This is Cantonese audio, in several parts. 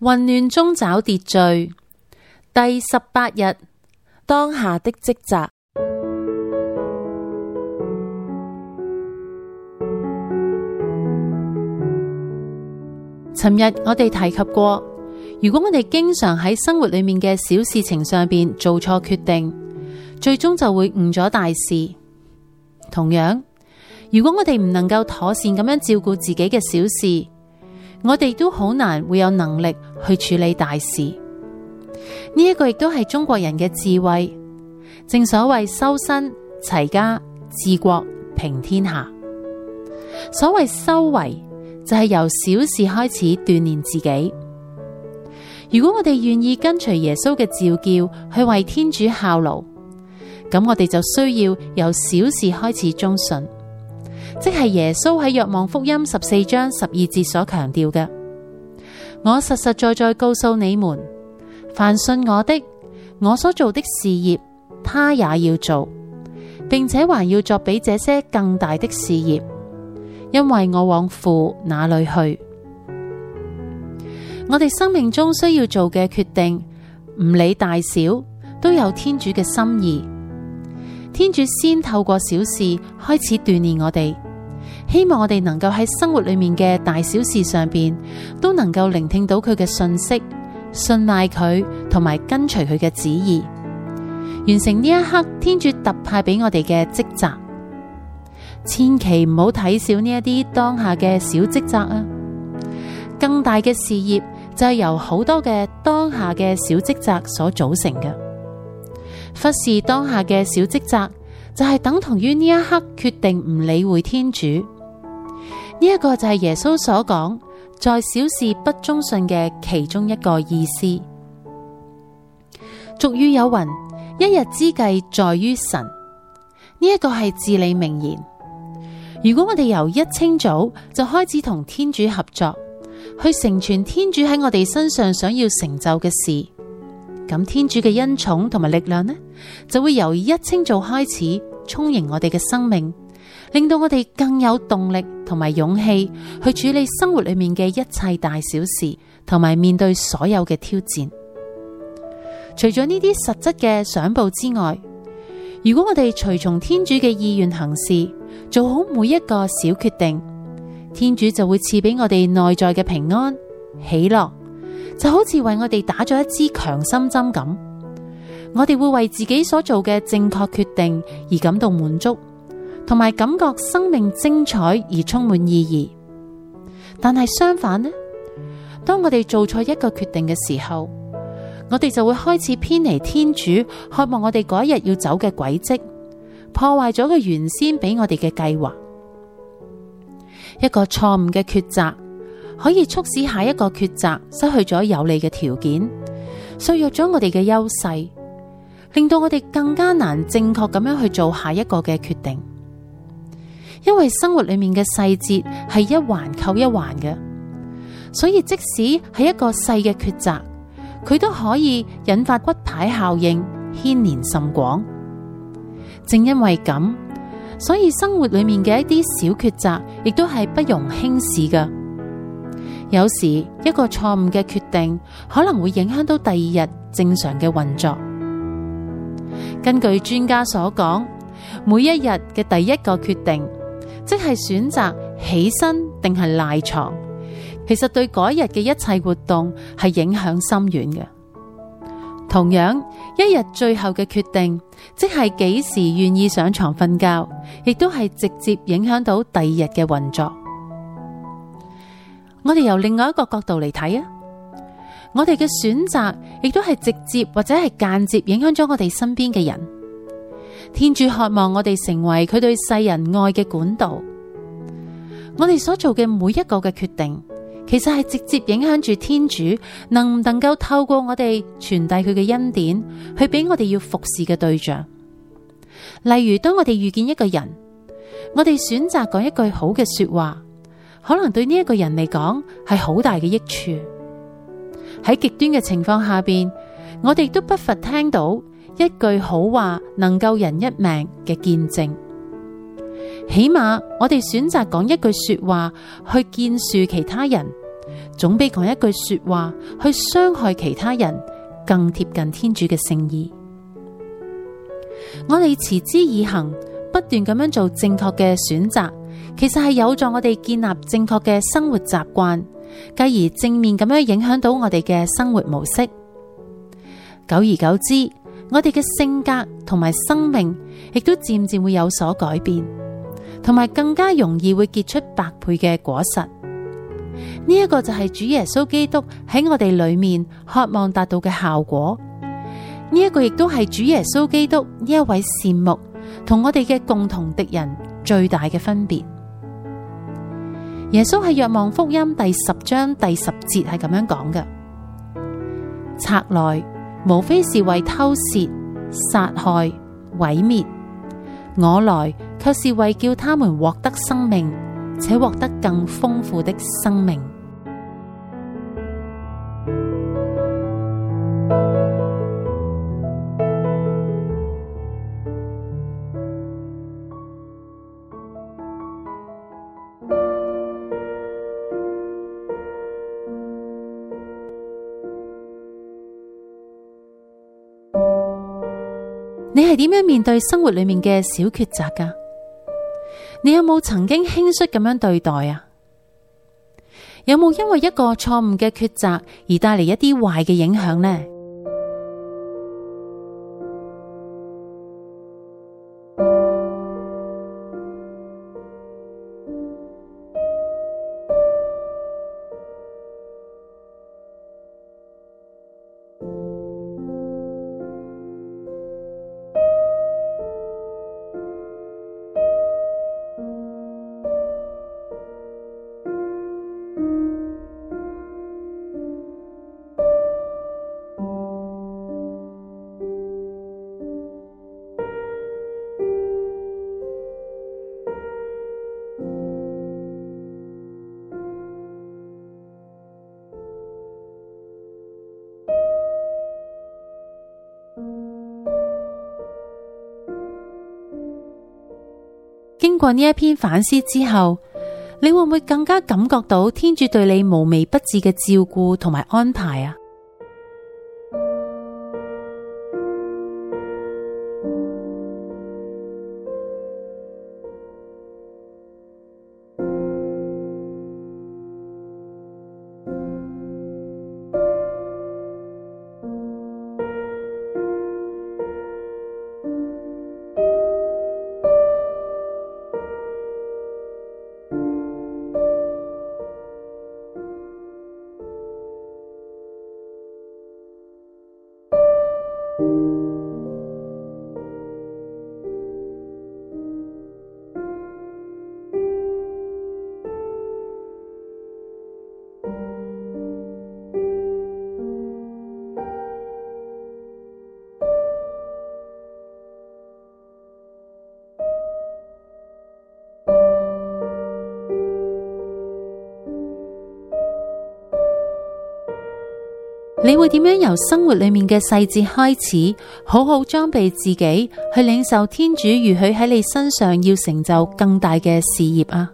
混亂中找秩序。第十八日，當下的職責。尋日我哋提及過，如果我哋經常喺生活裏面嘅小事情上面做錯決定，最終就會誤咗大事。同樣，如果我哋唔能夠妥善咁樣照顧自己嘅小事。我哋都好難會有能力去處理大事，呢一個亦都係中國人嘅智慧。正所謂修身齊家治國平天下，所謂修為就係由小事開始鍛煉自己。如果我哋願意跟隨耶穌嘅召叫去為天主效勞，咁我哋就需要由小事開始忠信。即係耶穌喺《若望福音》十四章十二節所強調嘅，我實實在在告訴你們，凡信我的，我所做的事業，他也要做，並且還要作比這些更大的事業，因為我往父那裏去。我哋生命中需要做嘅決定，唔理大小，都有天主嘅心意。天主先透過小事開始鍛煉我哋，希望我哋能夠喺生活裏面嘅大小事上邊都能夠聆聽到佢嘅訊息，信賴佢同埋跟隨佢嘅旨意，完成呢一刻天主特派俾我哋嘅職責。千祈唔好睇小呢一啲當下嘅小職責啊！更大嘅事業就係由好多嘅當下嘅小職責所組成嘅。忽視當下嘅小職責，就係、是、等同於呢一刻決定唔理會天主。呢、這、一個就係耶穌所講在小事不忠信嘅其中一個意思。俗語有云：一日之計在於晨。呢一個係至理名言。如果我哋由一清早就開始同天主合作，去成全天主喺我哋身上想要成就嘅事。咁天主嘅恩寵同埋力量呢，就會由一清早開始充盈我哋嘅生命，令到我哋更有動力同埋勇氣去處理生活裏面嘅一切大小事，同埋面對所有嘅挑戰。除咗呢啲實質嘅賞報之外，如果我哋隨從天主嘅意願行事，做好每一個小決定，天主就會賜俾我哋內在嘅平安喜樂。就好似為我哋打咗一支強心針咁，我哋會為自己所做嘅正確決定，而感到滿足，同埋感覺生命精彩而充滿意義。但係相反呢，當我哋做錯一個決定嘅時候，我哋就會開始偏離天主渴望我哋嗰日要走嘅軌跡，破壞咗佢原先俾我哋嘅計劃，一個錯誤嘅抉擇，可以促使下一個抉擇失去咗有利嘅條件，削弱咗我哋嘅優勢，令到我哋更加難正確咁樣去做下一個嘅決定。因為生活裏面嘅細節係一環扣一環嘅，所以即使係一個細嘅抉擇，佢都可以引發骨牌效應，牽連甚廣。正因為咁，所以生活裏面嘅一啲小抉擇亦都係不容輕視㗎。有時一個錯誤嘅決定，可能會影響到第二日正常嘅運作。根據專家所講，每一日嘅第一個決定，即係選擇起身定係賴床，其實對嗰日嘅一切活動係影響深遠嘅。同樣，一日最後嘅決定，即係幾時願意上床瞓覺，亦都係直接影響到第二日嘅運作。我哋由另外一個角度嚟睇啊，我哋嘅選擇亦都係直接或者係間接影響咗我哋身邊嘅人。天主渴望我哋成為佢對世人愛嘅管道。我哋所做嘅每一個嘅決定，其實係直接影響住天主能唔能夠透過我哋傳遞佢嘅恩典，去俾我哋要服侍嘅對象。例如，當我哋遇見一個人，我哋選擇講一句好嘅說話。可能對呢一個人嚟講係好大嘅益處。喺極端嘅情況下邊，我哋都不乏聽到一句好話能救人一命嘅見證。起碼我哋選擇講一句說話去建樹其他人，總比講一句說話去傷害其他人更貼近天主嘅聖意。我哋持之以恆。不斷咁樣做正確嘅選擇，其實係有助我哋建立正確嘅生活習慣，繼而正面咁樣影響到我哋嘅生活模式。久而久之，我哋嘅性格同埋生命亦都漸漸會有所改變，同埋更加容易會結出百倍嘅果實。呢一個就係主耶穌基督喺我哋裏面渴望達到嘅效果。呢一個亦都係主耶穌基督呢一位善牧，同我哋嘅共同敵人最大嘅分別。耶穌喺《若望福音》第十章第十節係咁樣講嘅：賊來，無非是為偷竊、殺害、毀滅，我來卻是為叫他們獲得生命，且獲得更豐富的生命。你係點樣面對生活裏面嘅小抉擇噶？你有冇曾經輕率咁樣對待啊？有冇因為一個錯誤嘅抉擇而帶嚟一啲壞嘅影響呢？經過呢一篇反思之後，你會唔會更加感覺到天主對你無微不至嘅照顧同埋安排啊？你會點樣由生活裏面嘅細節開始，好好裝備自己，去領受天主預許喺你身上要成就更大嘅事業啊？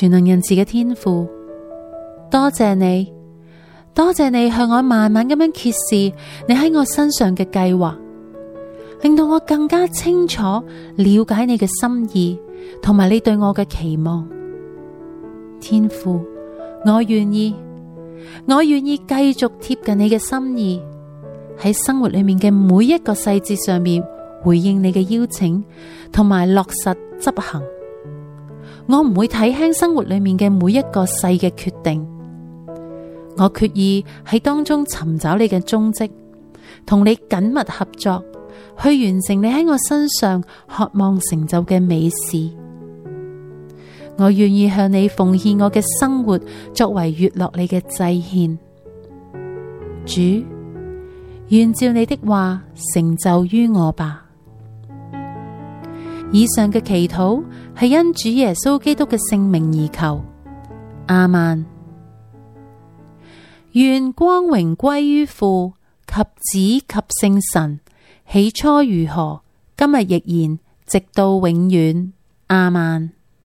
全能仁慈嘅天父，多謝你，多謝你向我慢慢咁樣揭示你喺我身上嘅計劃，令到我更加清楚了解你嘅心意，同埋你對我嘅期望。天父，我願意，我願意繼續貼近你嘅心意，喺生活裏面嘅每一個細節上面回應你嘅邀請，同埋落實執行。我唔會睇輕生活裏面嘅每一個細嘅決定，我決意喺當中尋找你嘅蹤跡，同你緊密合作，去完成你喺我身上渴望成就嘅美事。我願意向你奉獻我嘅生活，作為悅樂你嘅祭獻。主，願照你的話成就於我吧。以上嘅祈禱係因主耶穌基督嘅聖名而求，亞孟。願光榮歸於父及子及聖神，起初如何，今日亦然，直到永遠，亞孟。